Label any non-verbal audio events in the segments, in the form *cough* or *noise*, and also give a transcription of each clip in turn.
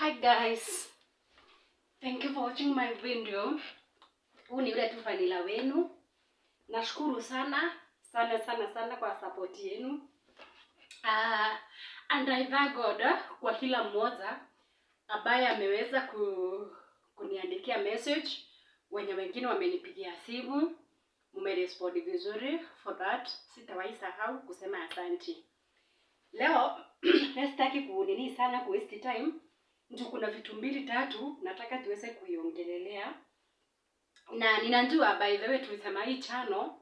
Hi guys. Thank you for watching my video. Huu ni ule tu vanilla wenu. Nashukuru sana sana sana sana kwa support yenu. Uh, and I thank God kwa kila mmoja ambaye ameweza ku, kuniandikia message, wenye wengine wamenipigia simu, mmerespond vizuri. For that sitawahi sahau kusema asanti. Leo *clears throat* sitaki kuunini sana kuwaste time ndio kuna vitu mbili tatu nataka tuweze kuiongelelea, na ninajua by the way tulisema hii chano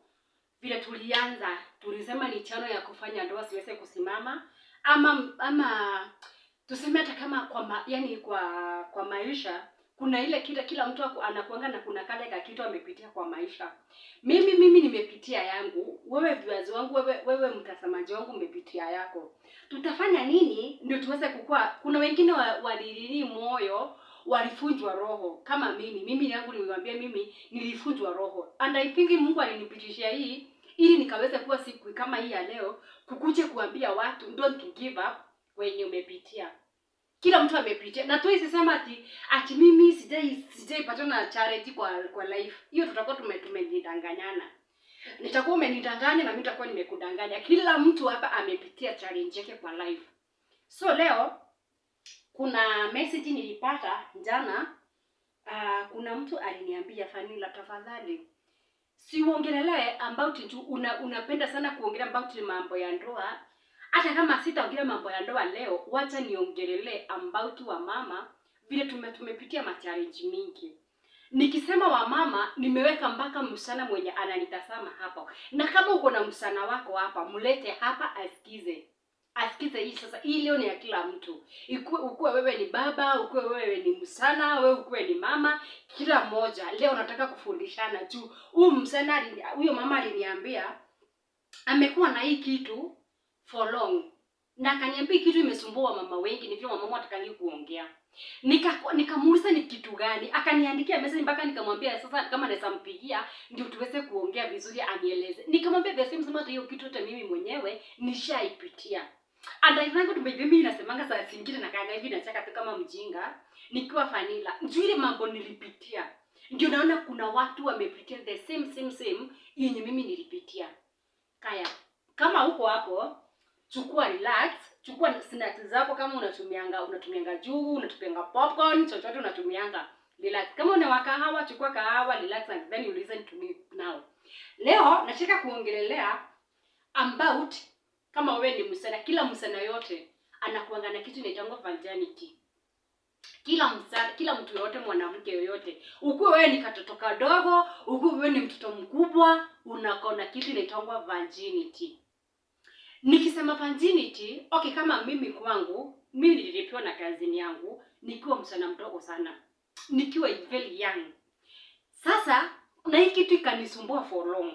vile tulianza, tulisema ni chano ya kufanya ndoa siweze kusimama ama ama tuseme hata kama kwa ma, yani kwa kwa maisha kuna ile kila kila mtu anakuanga na kuna kale ka kitu amepitia kwa maisha. Mimi mimi nimepitia yangu, wewe viewers wangu, wewe wewe mtazamaji wangu umepitia yako. Tutafanya nini ndio tuweze kukua? Kuna wengine walilili moyo walifunjwa roho kama mimi. Mimi yangu niliwaambia, mimi nilifunjwa roho and I think Mungu alinipitishia hii ili nikaweze kuwa siku kama hii ya leo, kukuje kuambia watu don't give up wenye umepitia kila mtu amepitia na tuwezi sema ati ati mimi sijai sijaipatana na charity kwa kwa life hiyo, tutakuwa tume- tumejidanganyana. Nitakuwa umenidanganya na mimi nitakuwa nimekudanganya. Kila mtu hapa amepitia challenge yake kwa life. So leo kuna message nilipata jana. Uh, kuna mtu aliniambia Fanila, tafadhali siuongelelee about tu una, unapenda sana kuongelea about mambo ya ndoa hata kama sitaongelea mambo ya ndoa leo, wacha niongelee about wamama vile tume, tumepitia machallenji mingi. Nikisema wamama, nimeweka mpaka msana mwenye ananitazama hapo, na kama uko na msana wako hapa, mlete hapa asikize asikize hii sasa. Hii leo ni ya kila mtu, ikuwe ukuwe wewe ni baba, ukuwe wewe ni msana, wewe ukuwe ni mama, kila mmoja leo nataka kufundishana juu. Huyu msana, huyo mama aliniambia amekuwa na hii kitu for long, na akaniambia kitu imesumbua mama wengi, ni vile mama atakangi kuongea. Nika nikamuuliza ni kitu gani, akaniandikia message mpaka nikamwambia sasa kama naweza mpigia ndio tuweze kuongea vizuri anieleze. Nikamwambia the same sema hiyo kitu hata mimi mwenyewe nishaipitia. And I thank mimi nasemanga saa zingine na kaanga hivi nachaka tu kama mjinga nikiwa vanilla. Njuri mambo nilipitia. Ndio naona kuna watu wamepitia the same same same yenye mimi nilipitia. Kaya, kama huko hapo chukua relax, chukua snacks zako kama unatumianga unatumianga juu, unatumianga popcorn, chochote unatumianga. Relax. Kama una kahawa, chukua kahawa, relax and then you listen to me now. Leo nataka kuongelelea about kama wewe ni msana, kila msana yote anakuanga na kitu inaitwa vanity. Kila msana, kila mtu yote, mwanamke yoyote, ukuwe wewe ni katoto kadogo, ukuwe wewe ni mtoto mkubwa, unakona kitu inaitwa virginity. Nikisema virginity, okay, kama mimi kwangu, mimi nilipewa na kazini yangu nikiwa msana mdogo sana, nikiwa very young. Sasa na hii kitu ikanisumbua for long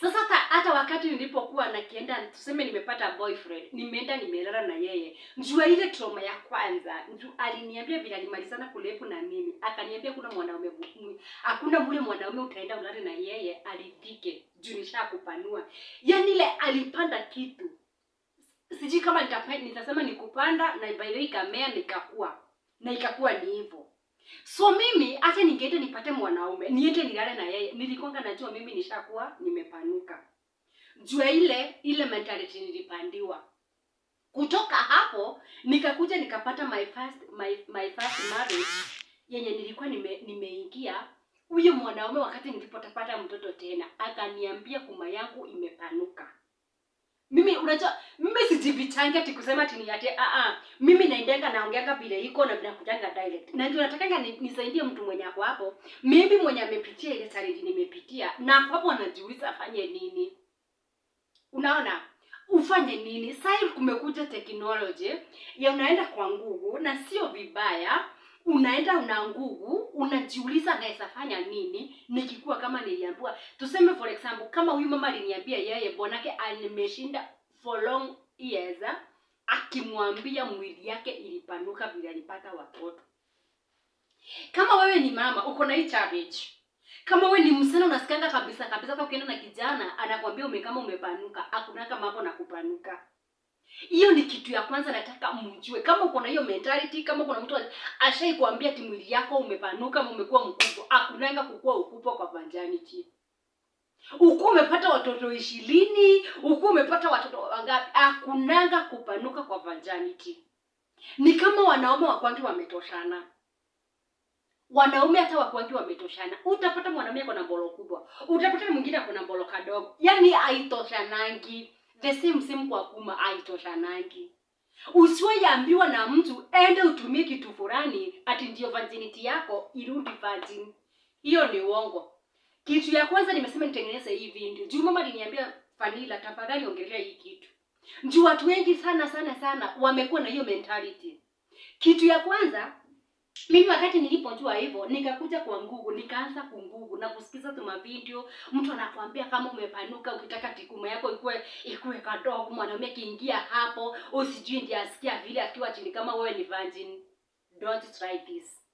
sasa hata wakati nilipokuwa nakienda, tuseme nimepata boyfriend, nimeenda nimelala na yeye, njua ile trauma ya kwanza njuu aliniambia vile alimalizana kulepu na mimi, akaniambia kuna mwanaume mwingine, hakuna mule mwanaume utaenda ulale na yeye alipike juu nishakupanua. Yani ile alipanda kitu, sijui kama nitasema nikupanda, na by the way ikamea, nikakua na ikakuwa ni hivyo. So mimi hata ningeenda nipate mwanaume, niende nilale na yeye, nilikonga najua mimi nishakuwa nimepanuka. Jua ile ile mentality nilipandiwa. Kutoka hapo nikakuja nikapata my first my, my first marriage yenye nilikuwa nime, nimeingia huyo mwanaume wakati nilipotapata mtoto tena, akaniambia kuma yangu imepanuka. Mimi unajua mimi sijivitanga ati kusema ati niate a a. Mimi naendanga naongeanga vile iko na bila direct. Na ndio natakanga nisaidie mtu mwenye ako hapo. Mimi mwenye amepitia ile challenge nimepitia na hapo anajiuliza afanye nini. Unaona? Ufanye nini? Sasa kumekuja technology ya unaenda kwa nguvu na sio vibaya unaenda una nguvu, unajiuliza naweza fanya nini nikikuwa kama niliambiwa. Tuseme for example, kama huyu mama aliniambia yeye bwanake alimeshinda for long years akimwambia mwili yake ilipanuka vile alipata watoto. Kama wewe ni mama uko na hii challenge, kama wewe ni msana unasikanga kabisa kabisa, hata ukienda na kijana anakwambia umekama umepanuka, hakuna kama hapo na kupanuka. Hiyo ni kitu ya kwanza nataka mjue. Kama uko na hiyo mentality, kama kuna mtu ashaikwambia ati mwili yako umepanuka, umekuwa mkubwa, akunanga kukua ukubwa kwa vanjaniti. Uko umepata watoto ishirini, uko umepata watoto wangapi, Akunanga kupanuka kwa vanjaniti. Ni kama wanaume wakwangi wametoshana wanaume hata wakuangi wametoshana. Utapata mwanaume ako na mbolo kubwa, utapata mwingine ako na mbolo kadogo, yaani haitoshanangi the same same kwa kuma aitoshanangi. Ah, yambiwa na mtu ende utumie kitu fulani ati ndio virginity yako irudi virgin. Hiyo ni uongo. Kitu ya kwanza nimesema nitengeneze hii video. Juu mama aliniambia Fanila, tafadhali ongelea hii kitu. Juu watu wengi sana sana sana wamekuwa na hiyo mentality. Kitu ya kwanza mimi wakati nilipojua hivyo nikakuja kwa nguvu, nikaanza nguvu na kusikiza tu mavideo, mtu anakuambia kama umepanuka, ukitaka tikuma yako ikue ikue kadogo, mwanaume kiingia hapo, usijui ndiye asikia vile akiwa chini. Kama wewe ni virgin, don't try this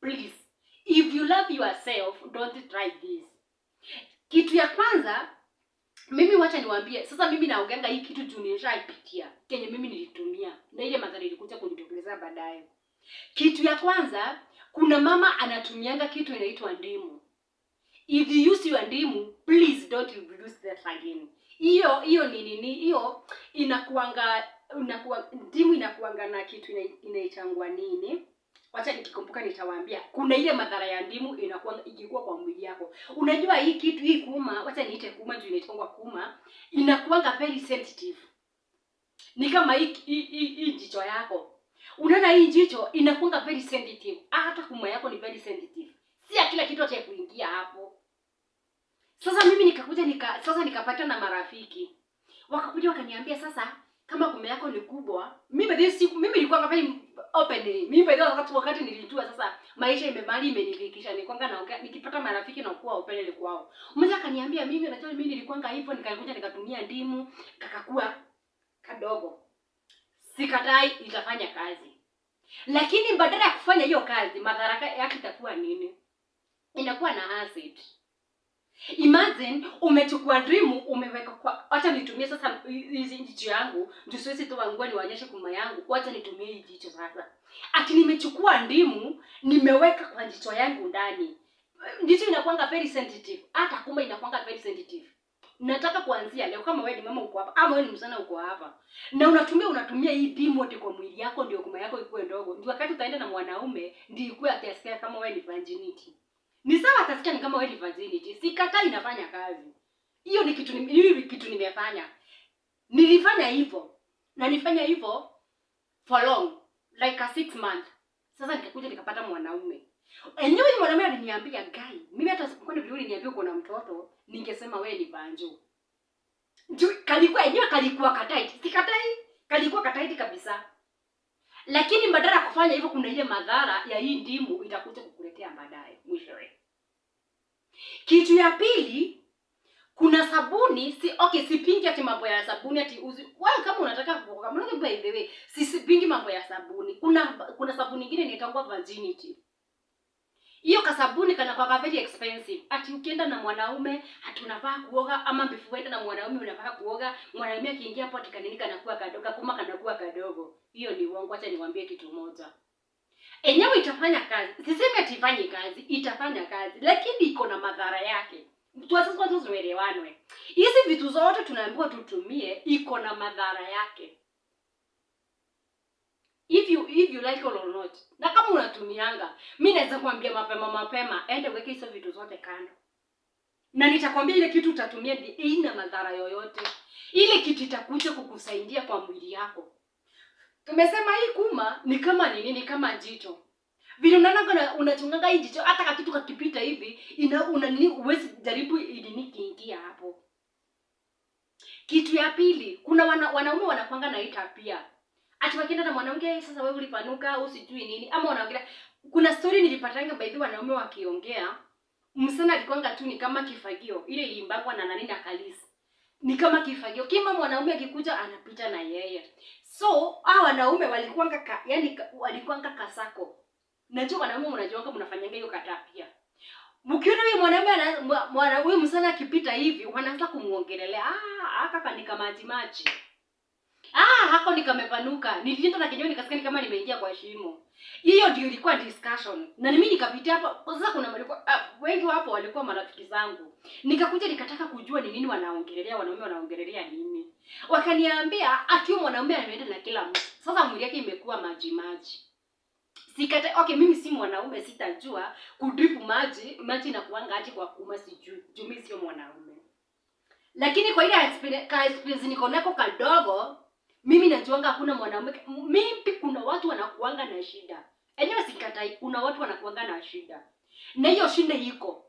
please, if you love yourself don't try this. Kitu ya kwanza mimi wacha niwaambie sasa, mimi naonganga hii kitu juu nilishaipitia kenye mimi nilitumia na ile madhara ilikuja kunitokeleza baadaye. Kitu ya kwanza, kuna mama anatumianga kitu inaitwa ndimu. If you use your ndimu, please don't use that again. Hiyo hiyo ni nini? Hiyo inakuanga unakuwa ndimu inakuanga na kitu inaitangwa nini? Wacha nikikumbuka nitawaambia. Kuna ile madhara ya ndimu inakuwa ikikuwa kwa mwili yako. Unajua hii kitu hii kuma, wacha niite kuma juu inaitangwa kuma, inakuanga very sensitive. Ni kama hii hii jicho yako. Unaona hii jicho inakuwa very sensitive. Ah, hata huma yako ni very sensitive. Si kila kitu cha kuingia hapo. Sasa mimi nikakuja nika sasa nikapata na marafiki. Wakakuja wakaniambia sasa kama kume yako ni kubwa, mimi this siku mimi nilikuwa very open. Mimi by wakati wakati nilijua sasa maisha imebali imenifikisha nilikuwa naongea nikipata marafiki na kuwa open ile kwao. Mmoja akaniambia mimi najua mimi nilikuwa hivyo nikakuja nikatumia ndimu kakakua kadogo sikatai, itafanya kazi, lakini badala ya kufanya hiyo kazi, madhara yake itakuwa nini? Inakuwa na acid. Imagine umechukua dream umeweka kwa, acha nitumie sasa hizi jicho yangu, ndio siwezi toa nguo niwaonyeshe kuma yangu, acha nitumie hii jicho sasa. Ati nimechukua ndimu nimeweka kwa jicho yangu ndani. Jicho inakuanga very sensitive, hata kumbe inakuanga very sensitive. Nataka kuanzia leo kama wewe ni mama uko hapa ama wewe ni msana uko hapa. Na unatumia unatumia hii pimote kwa mwili yako ndio kuma yako ikuwe ndogo. Ndio wakati utaenda na mwanaume ndio ikuwe atasikia kama wewe ni virginity. Ni sawa atasikia ni kama wewe ni virginity. Sikatai inafanya kazi. Hiyo ni kitu ni kitu nimefanya. Nilifanya hivyo. Na nifanya hivyo for long like a six month. Sasa nikakuja nikapata mwanaume. Enyewe ni mwanamume aliniambia gai. Mimi hata sikwenda vile uliniambia uko na mtoto, ningesema wewe ni banjo. Ju kalikuwa enyewe kalikuwa kataiti. Sikatai. Kalikuwa kataiti kabisa. Lakini badala ya kufanya hivyo kuna ile madhara ya hii ndimu itakuja kukuletea baadaye mwishowe. Kitu ya pili kuna sabuni si okay, sipingi ati mambo ya sabuni ati uzi. Wewe kama unataka kuoga, mbona by the way, si sisipingi mambo ya sabuni. Kuna kuna sabuni nyingine inaitwa virginity hiyo kasabuni kana kwa very expensive. Ati ukienda na mwanaume ati unavaa kuoga ama mbifuenda na mwanaume unavaa kuoga, mwanaume akiingia hapo ati kanakuwa kadogo kuma kanakuwa kadogo. Hiyo ni uongo. Acha niwaambie kitu moja. Enyewe itafanya kazi. Sisemi ati ifanye kazi, itafanya kazi lakini iko na madhara yake. Tuanze kwanza tuzoelewanwe. Hizi vitu zote tunaambiwa tutumie iko na madhara yake if you if you like or not. Na kama unatumianga, mimi naweza kuambia mapema mapema, ende weke hizo vitu zote kando. Na nitakwambia ile kitu utatumia ni ina madhara yoyote. Ile kitu itakuja kukusaidia kwa mwili yako. Tumesema hii kuma ni kama nini? Ni kama jicho. Vile unaona unachunganga hii jicho, hata kitu kakipita hivi, ina una nini, uwezi jaribu idini kiingia hapo. Kitu ya pili, kuna wana, wanaume wanakuanga na hii tabia ati ah, wakienda na mwanamke sasa wewe ulipanuka au sijui nini ama wanaongea Kuna story nilipatanga by the wanaume wakiongea, msana alikwanga tu ni kama kifagio, ile ilimbangwa na nani na Kalisi ni kama kifagio, kima mwanaume akikuja anapita na yeye. So hao wanaume walikuwanga ka, yani walikuwanga kasako. Najua wanaume mnajuanga mnafanyanga hiyo kata pia. Mkiona huyo mwanaume mwana huyo msana akipita hivi, wanaanza kumuongelelea, ah, ah aka kanika maji maji kako nikamepanuka. Nilijinda na kinyoni nikasikia kama nimeingia kwa shimo. Hiyo ndio ilikuwa discussion. Na mimi nikapitia hapo. Sasa kuna walikuwa uh, ah, wengi hapo walikuwa marafiki zangu. Nikakuja nikataka kujua ni nini wanaongelea, wanaume wanaongelea nini. Wakaniambia ati huyo mwanaume anaenda na kila mtu. Sasa mwili yake imekuwa maji maji. Sikata, okay mimi si mwanaume sitajua kudrip maji, maji na kuanga aje kwa kuma sijui. Jumi sio mwanaume. Lakini kwa ile experience niko nako kadogo mimi najuanga hakuna mwanamke mimi, kuna watu wanakuanga na shida enyewe, sikatai. Kuna watu wanakuanga na shida, na hiyo shida iko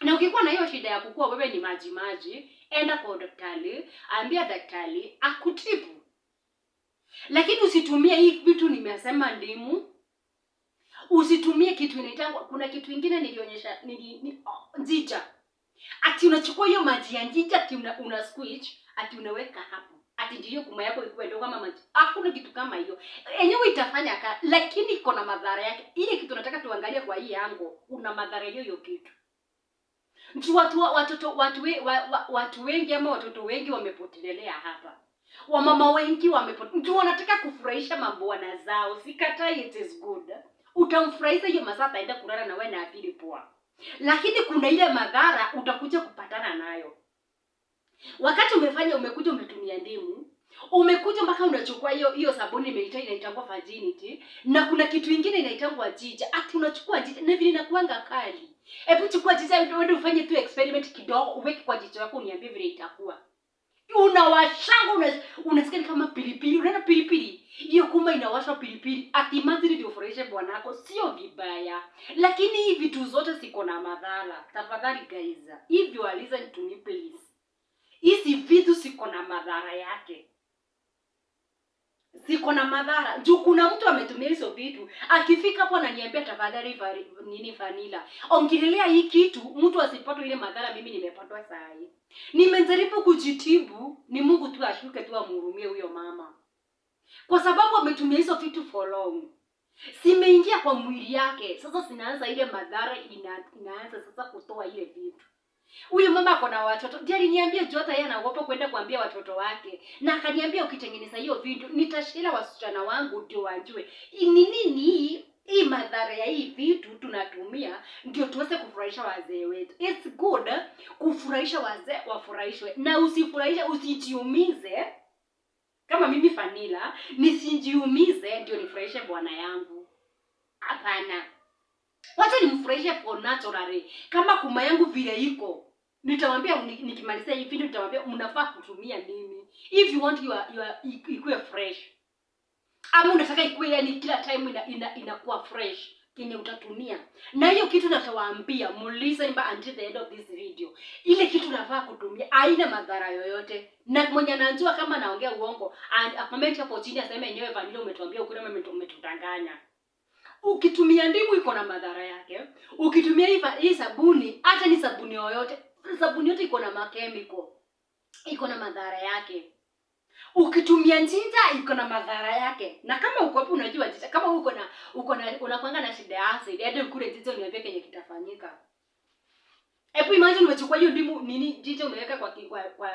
na ukikuwa na hiyo shida ya kukua wewe ni maji maji, enda kwa daktari, ambia daktari akutibu, lakini usitumie hii vitu nimesema, ndimu usitumie kitu inaitangwa. Kuna kitu ingine nilionyesha nili, nili, oh, njija, ati unachukua hiyo maji ya njija ati una, una squeeze ati unaweka hapo ati ndio kuma yako ikuwe ndio kama maji. Hakuna kitu kama hiyo. Enyewe itafanya ka lakini iko na madhara yake. Ile kitu nataka tuangalie kwa hii yango kuna madhara hiyo hiyo kitu. Mtu watu watoto watu, wa, wa, watu wengi ama watoto wengi wamepotelelea hapa. Wamama wengi wamepotelea. Mtu wanataka kufurahisha mambo na zao. Sikatai it is good. Utamfurahisha hiyo masaa ataenda kulala na wewe na akili poa. Lakini kuna ile madhara utakuja kupatana nayo. Wakati umefanya umekuja umetumia ndimu, umekuja mpaka unachukua hiyo hiyo sabuni imeita inaitangwa virginity na kuna kitu ingine inaitangwa jija. Ati unachukua jija na vile inakuanga kali. Hebu chukua jija uende ufanye tu experiment kidogo, uweke kwa jicho lako uniambie vile itakuwa. Unawashanga una, unasikia kama pilipili, unaona pilipili. Hiyo kuma inawashwa pilipili. Ati imagine ndio furahishe bwanako, sio vibaya. Lakini hivi vitu zote siko na madhara. Tafadhali guys, if you are listen please hizi vitu ziko na madhara yake, ziko na madhara juu. Kuna mtu ametumia hizo vitu, akifika hapo ananiambia tafadhali, nini vanila, ongelelea hii kitu, mtu asipate ile madhara. Mimi nimepatwa saa hii, nimejaribu kujitibu, ni Mungu tu ashuke tu amhurumie huyo mama, kwa sababu ametumia hizo vitu for long zimeingia kwa mwili yake. Sasa zinaanza ile madhara ina, inaanza sasa kutoa ile vitu Huyu mama ako na watoto. Ndiye aliniambia jota yeye anaogopa kwenda kuambia watoto wake. Na akaniambia ukitengeneza hiyo video nitashila wasichana wangu ndio wajue. Ni nini hii? Hii madhara ya hii vitu tunatumia ndio tuweze kufurahisha wazee wetu. It's good kufurahisha wazee wafurahishwe. Na usifurahishe usijiumize. Kama mimi Fanila nisijiumize ndio nifurahishe bwana yangu. Hapana. Wacha nimfurahishe for naturally. Kama kuma yangu vile iko. nitamwambia nikimaliza hii video nitamwambia mnafaa kutumia nini. If you want your your ikue fresh. Ama unataka ikue yani kila time ina ina inakuwa fresh yenye utatumia. Na hiyo kitu natawaambia, mulize mba until the end of this video. Ile kitu nafaa kutumia haina madhara yoyote. Na mwenye anajua kama naongea uongo, and comment hapo chini aseme yenyewe Vanilla umetuambia ukweli ama umetudanganya ukitumia ndimu iko na madhara yake. Ukitumia hii sabuni, hata ni sabuni yoyote, sabuni yote iko na makemiko, iko na madhara yake. Ukitumia njinja iko na madhara yake, na kama uko hapo, unajua njinja, kama uko na uko na unakwanga na shida ya acid, hadi ukule njinja, uniambie kenye kitafanyika. Hebu imagine umechukua hiyo ndimu nini jicho umeweka kwa, kwa, kwa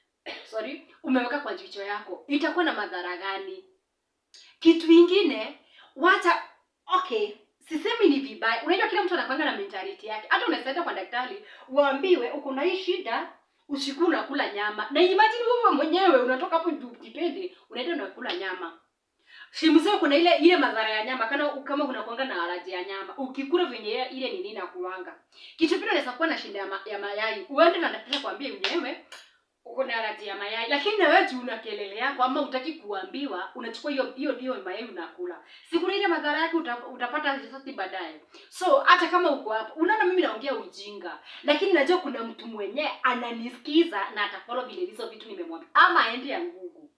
*coughs* sorry, umeweka kwa jicho yako itakuwa na madhara gani? Kitu kingine wacha Okay, sisemi ni vibaya. Unajua kila mtu anakwanga na mentality yake. Hata unaweza kwa daktari uambiwe uko na hii shida, usiku unakula nyama. Na imagine wewe mwenyewe unatoka hapo jipende, unaenda unakula nyama. Shimuse kuna ile ile madhara ya nyama kana kama kuna kuanga na alaji ya nyama. Ukikula venye ile ni nini na kuanga. Kitu pia unaweza kuwa na shida ya, ma, ya mayai. Uende na daktari kwambie mwenyewe uko na allergy ya mayai, lakini na wewe una kelele yako ama utaki kuambiwa, unachukua hiyo hiyo hiyo mayai unakula. Siku ile madhara yake utapata risasi baadaye. So hata kama uko hapo unaona mimi naongea ujinga, lakini najua kuna mtu mwenye ananisikiza na atafollow vile hizo vitu nimemwambia, ama aende ya ngugu,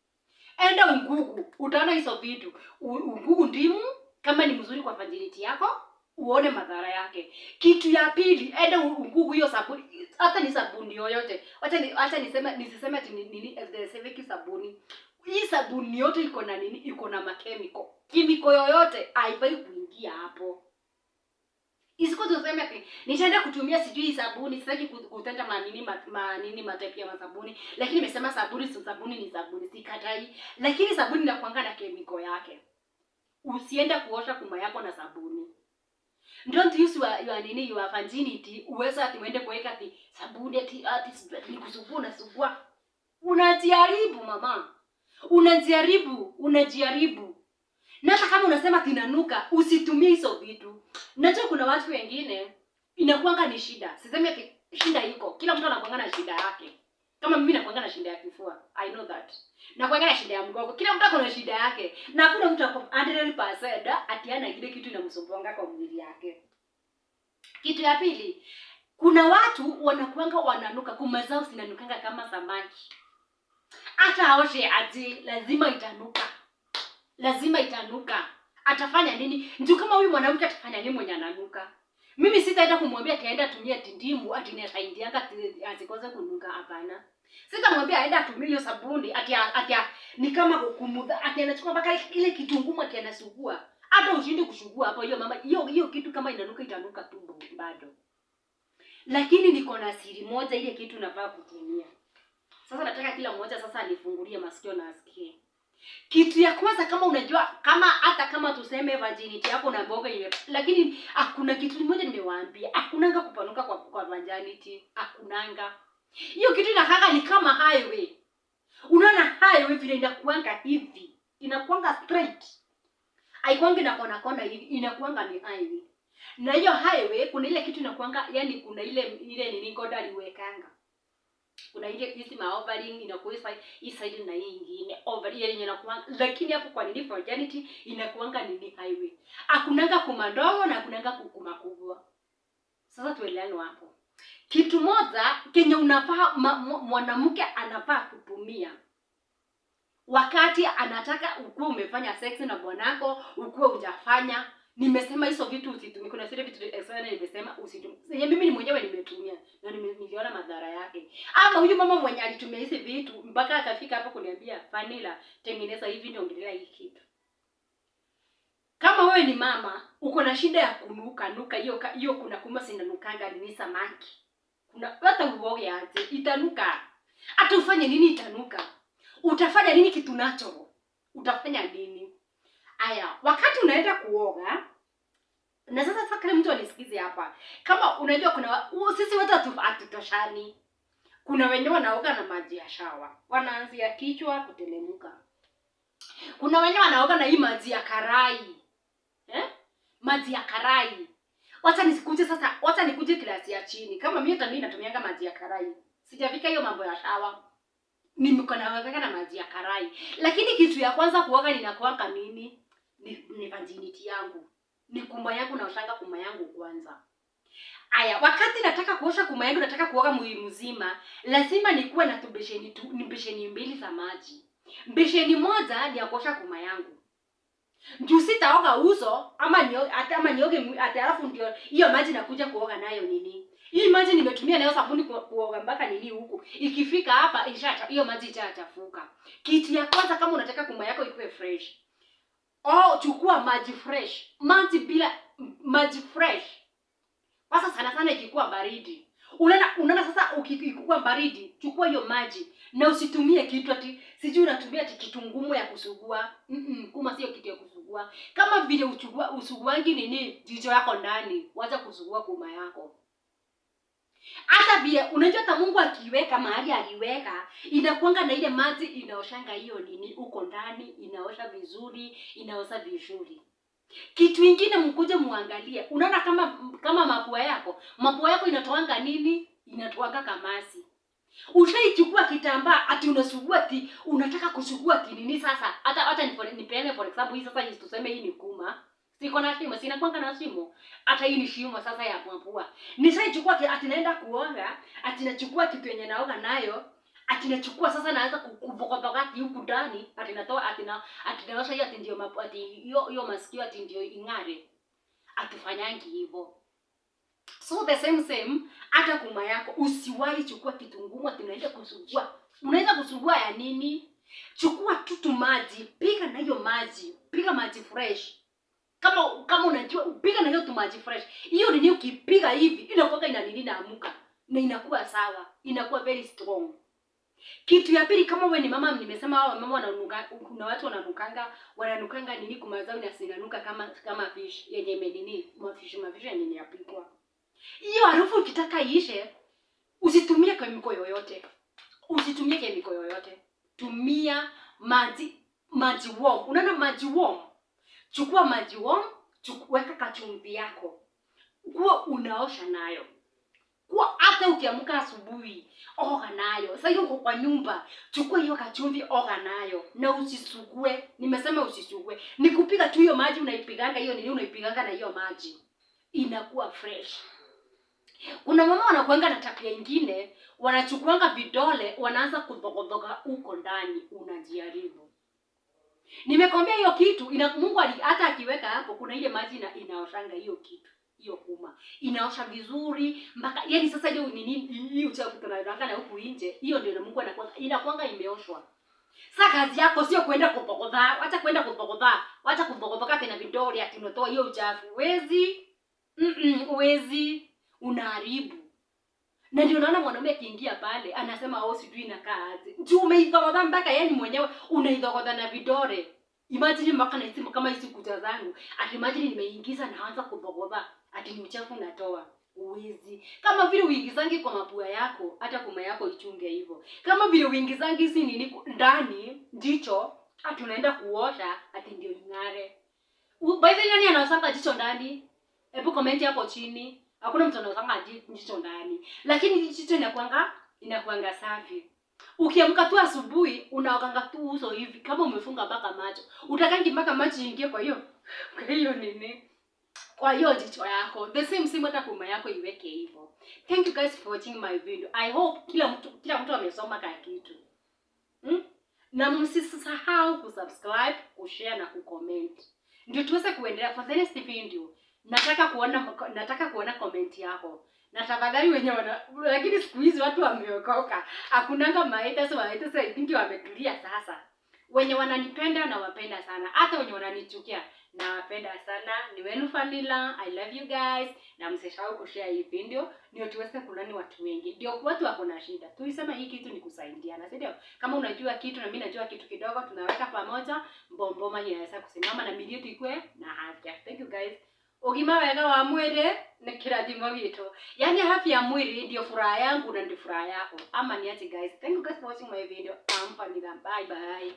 enda ungugu, utaona hizo vitu ngugu ndimu kama ni mzuri kwa fadhiliti yako uone madhara yake. Kitu ya pili, ende ungugu hiyo sabuni, hata ni sabuni yoyote. Acha ni acha niseme nisiseme ati ni nini eh, eh, seveki sabuni. Hii sabuni yote iko na nini? Iko na makemiko. Kimiko yoyote haifai kuingia hapo. Isiko tuseme ati nitaenda kutumia sijui hii sabuni, sitaki kutenda ma nini ma, ma nini matepi ya sabuni. lakini nimesema sabuni sio sabuni ni sabuni, sikatai. Lakini sabuni inakuanga na kemiko yake. Usienda kuosha kuma yako na sabuni. Don't use your, your nini your virginity uweza ati uende kuweka ati sabuni ati ati nikusugua na sugua. Unajiharibu mama. unajaribu unajiaribu Na hata kama unasema tinanuka usitumie hizo vitu. Najua kuna watu wengine inakuanga ni shida. Sisemi ati shida iko. Kila mtu anakuanga na shida yake. Kama mimi nakuanga na shida ya kifua, I know that. Na kuangana shida ya mgongo. Kila mtu akona shida yake. Na kuna mtu ako 100% atiana kile kitu inamsumbuanga kwa mwili yake. Kitu ya pili, kuna watu wanakuanga wananuka, kuma zao zinanukanga kama samaki. Hata aoshe aje, lazima itanuka. Lazima itanuka. Atafanya nini? Ndio kama huyu mwanamke atafanya nini mwenye ananuka? mimi sitaenda kumwambia kaenda atumie tindimu ati ni nataindianga azikoze kunuka. Hapana, sitamwambia aenda atumie hiyo sabuni ati ati ni kama kumudha ati anachukua mpaka ile kitunguu ati anasugua. Hata ushindi kushugua hapo, hiyo mama, hiyo hiyo kitu kama inanuka itanuka tu bado. Lakini niko na siri moja, ile kitu nafaa kutumia sasa. Nataka kila mmoja sasa alifungulie masikio na asikie. Kitu ya kwanza kama unajua kama hata kama tuseme virginity yako na mboga ile, lakini hakuna kitu kimoja nimewaambia, hakunanga kupanuka kwa kwa virginity, hakunanga hiyo kitu. Inakaka ni kama highway, unaona highway vile inakuanga hivi, inakuanga straight, haikuanga na kona kona hivi, inakuanga ni highway. Na hiyo highway kuna ile kitu inakuanga, yani kuna ile ile nini God aliwekanga kuna ile hizi maovaling inakuwa hii side na hii nyingine over yenye inakuwa, lakini hapo kwa nini virginity inakuanga nini highway, hakunanga kumandogo na hakunanga kukuma kubwa. Sasa tuelewane hapo. Kitu moja kenye unafaa mwanamke anafaa kutumia wakati anataka ukuwe umefanya sex na bwanako, ukuwe ujafanya nimesema hizo vitu usitumie. Kuna zile vitu exana nimesema usitumie, yenye mimi ni mwenyewe nimetumia na niliona madhara yake. Ama huyu mama mwenye alitumia hizi vitu mpaka akafika hapo kuniambia, Vanilla, tengeneza hivi ndio ongelea hii kitu. Kama wewe ni mama uko na shida ya kunuka nuka, hiyo hiyo kuna kuma sinanukanga ni samaki, kuna hata uoge aje itanuka, hata ufanye nini itanuka. Utafanya nini kitu nacho? Utafanya nini? Aya, wakati unaenda kuoga na sasa nataka kila mtu anisikize hapa, kama unajua kuna sisi wote hatutoshani. Kuna wenye wanaoga na maji ya shawa wanaanzia kichwa kutelemka, kuna wenye wanaoga na hii maji ya karai eh? maji ya karai. Wacha nisikuje sasa, wacha nikuje klasi ya chini. Kama mimi tani natumianga maji ya karai, sijafika hiyo mambo ya shawa, nimekuwa naweka na maji ya karai. Lakini kitu ya kwanza kuoga ninakuanga mimi ni, ni virginity yangu ni kuma yangu na ushanga kuma yangu kwanza. Aya, wakati nataka kuosha kuma yangu, nataka kuoga mwili mzima, lazima nikuwe na tubesheni tu, ni besheni mbili za maji. Besheni moja ni ya kuosha kuma yangu. Ndio sitaoga uso ama nioge hata ama nioge hata, alafu ndio hiyo maji nakuja kuoga nayo nini? Hii maji nimetumia nayo sabuni kuoga mpaka nini huku. Ikifika hapa ishacha hiyo maji itachafuka. Kitu ya kwanza kama unataka kuma yako ikuwe fresh chukua maji fresh, maji bila maji fresh. Sasa sana sana ikikuwa baridi, unaona unaona, sasa ukikuwa baridi, chukua hiyo maji na usitumie kitu ati sijui unatumia ati kitungumu ya kusugua mm -mm, kuma sio kitu ya kusugua. Kama vile uchugua usuguangi nini jicho yako ndani, wacha kusugua kuma yako hata vile unajua, hata Mungu akiweka mahali aliweka, inakuanga na ile maji inaoshanga hiyo nini uko ndani, inaosha vizuri, inaosha vizuri. Kitu ingine mkuje muangalie, unaona kama kama mapua yako, mapua yako inatoanga nini? Inatoanga kamasi. Ushaichukua kitambaa ati unasugua ati unataka kusugua kinini sasa. Hata hata nipeane for example hii sasa, tuseme hii ni kuma Siko na shimo, sina kwanga na shimo. Hata hii ni shimo sasa ya mapua. Nishaichukua ati naenda kuoga, ati nachukua kitu yenye naoga nayo, ati nachukua sasa naanza kukupokopoka ati huku ndani, ati natoa ati na ati naosha hiyo ati ndio mapua ati hiyo hiyo masikio ati ndio ing'are. Atufanyangi hivyo. So the same same hata kuma yako usiwahi chukua kitu ngumu ati unaenda kusugua. Unaenda kusugua ya nini? Chukua tutu maji, pika na hiyo maji, pika maji fresh kama kama unajua upiga na hiyo tumaji fresh hiyo nini, ukipiga hivi inakuwa ina nini naamuka na inakuwa sawa, inakuwa very strong. Kitu ya pili, kama wewe ni mama, nimesema hao mama wananuka, kuna watu wananukanga wananukanga nini kumazao na sinanuka kama kama fish yenye nini mafish mafish yenye yapikwa. Hiyo harufu ukitaka iishe, usitumie kemiko yoyote, usitumie kemiko yoyote, tumia maji maji warm. Unaona maji warm Chukua maji warm, weka kachumbi yako, kuwa unaosha nayo, kuwa hata ukiamka asubuhi oga nayo. Sasa hiyo kwa nyumba, chukua hiyo kachumbi oga nayo na usisugue. Nimesema usisugue, nikupiga tu hiyo maji unaipiganga hiyo nini, unaipiganga na hiyo maji inakuwa fresh. Kuna mama wanakuanga na tabia ingine, wanachukuanga vidole, wanaanza kudhogodhoga huko ndani, unajaribu Nimekwambia hiyo kitu ina Mungu ali, hata akiweka hapo kuna ile maji na inaoshanga hiyo kitu. Hiyo kuma inaosha vizuri mpaka yani sasa hiyo ni nini hii uchafu na huku nje hiyo ndio na Mungu anakuwa inakuanga imeoshwa. Sasa kazi yako sio kwenda kupokodha, acha kwenda kupokodha, acha kupokodha tena vidole ati unatoa hiyo uchafu. Wezi. Mm, -mm wezi. Unaharibu. Na ndio unaona mwanaume akiingia pale anasema oh, sijui inakaa aje. Juu umeidhogodha mpaka yeye yaani mwenyewe unaidhogodha na vidore. Imagine mpaka na kama hizi kuta zangu. Ati imagine nimeingiza na anza kubogoba. Ati ni uchafu natoa. Uwezi. Kama vile uingizangi kwa mapua yako, hata kuma yako ichunge hivyo. Kama vile uingizangi hizi nini ndani jicho, ati unaenda kuosha ati ndio ing'are. By the way, nani anaosaka jicho ndani? Hebu comment hapo chini. Hakuna mtu anaozanga jicho ndani. Lakini jicho inakuanga inakuanga safi. Ukiamka tu asubuhi unaokanga tu uso hivi kama umefunga mpaka macho. Utakangi mpaka macho ingie kwa hiyo. Kwa hiyo nini? Kwa hiyo jicho yako. The same same hata kuma yako iweke hivyo. Thank you guys for watching my video. I hope kila mtu kila mtu amesoma ka kitu. Hmm? Na msisahau kusubscribe, kushare na kucomment. Ndio tuweze kuendelea for the next video nataka kuona nataka kuona comment yako na tafadhali wenye wana lakini siku hizi watu wameokoka hakunanga mahaters wa haters I think wametulia sasa wenye wananipenda na wapenda sana hata wenye wananichukia na wapenda sana ni wenu familia I love you guys na msisahau kushare hii video ndio tuweze kulani watu wengi ndio watu wako na shida tuisema hii kitu ni kusaidiana si ndio kama unajua kitu na mimi najua kitu kidogo tunaweka pamoja mbomboma inaweza kusimama na mili yetu ikue na afya thank you guys Ugima wega wa mwili ni kirathimo gito yani hafi ya mwili ndio furaha yangu na ndio furaha yako. Ama ni ati guys. Thank you guys for watching my video. I'm Vanilla. Bye bye.